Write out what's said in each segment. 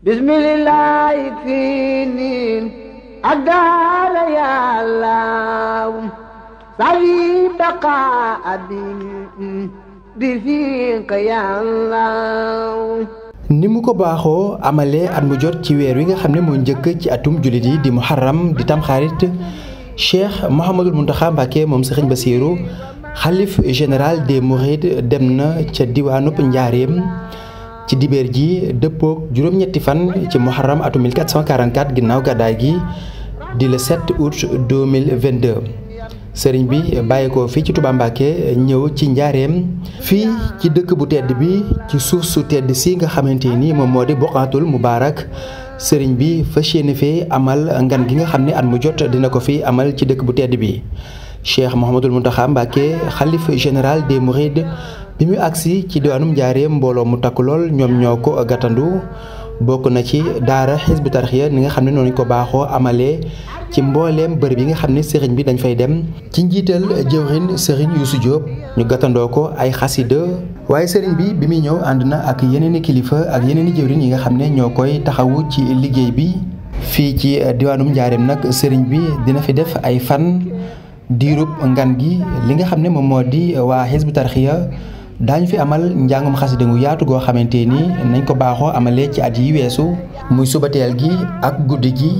bismillah fii niin ak daara yàllaaw sawi baqa abim di fii ka yàllaaw ni mu ko baaxoo amale at mu jot ci weer wi nga xam ne moo njëkk ci atum jullit yi di muharram di tamxarit cheikh Mouhamadul Mountakha Mbacké moom Serigne Bassirou xalif général des mourides dem na ca diwaanu njaareem ci dibeer ji dëppook juróom-ñetti fan ci muharram atu 1444 ginnaaw gàddaay gi di le 7 août 2022 sëriñ bi bàyyeekoo fii ci Touba Mbacké ñëw ci njaareem fii ci dëkk bu tedd bi ci suuf su tedd sii nga xamante ni moom moo di Buqaatul Mubaarak sëriñ bi fas yéene fee amal ngan gi nga xam ne at mu jot dina ko fi amal ci dëkk bu tedd bi Cheikh Mouhamadoul Mountakha Mbacké xalif général des Mourides bi mu agsi ci diwaanum njaareem mbooloo mu takku lool ñoom ñoo ko gàttandu bokk na ci daara xisbu tarxiya ni nga xam ne noonu ko baaxoo amalee ci mbooleem bërëb yi nga xam ne sëriñ bi dañu fay dem ci njiital jëwrin sëriñ Youssou Diop ñu gàttandoo ko ay xasida waaye sëriñ bi bi muy ñëw ànd na ak yeneen i kilifa ak yeneen i yi nga xam ne ñoo koy taxawu ci liggéey bi fii ci diwaanum njaareem nag sëriñ bi dina fi def ay fan diirub ngan gi li nga xam ne moom moo di waa daañu fi amal njàngum xasida gu yaatu goo xamante ni nañ ko baaxoo amalee ci at yi weesu muy suba teel gi ak guddi gi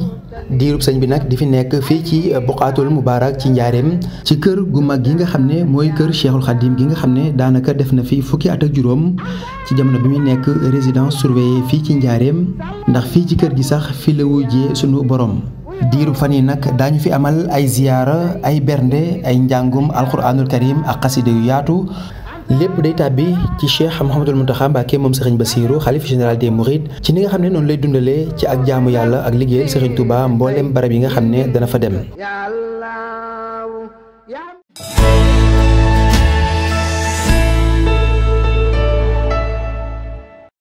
diirub sëñ bi nag di fi nekk fii ci buqaatul mubaarak ci njaareem ci kër gu mag gi nga xam ne mooy kër cheikhul gi nga xam ne daanaka def na fi fukki at ak juróom ci jamono bi muy nekk résidence surveillée fii ci njaareem ndax fii ci kër gi sax fi la wujjee sunu borom diiru fan yi nag daañu fi amal ay ziyaara ay bernde ay njàngum alquranul karim ak xasida yu yaatu lépp day tàbbi ci cheikh Mouhamadul Mountakha Mbacké moom Serigne Bassirou xalif général des Mourides ci ni nga xam ne noonu lay dundalee ci ak jaamu yàlla ak liggéeyal Serigne Touba mboolem barab yi nga xam ne dana fa dem.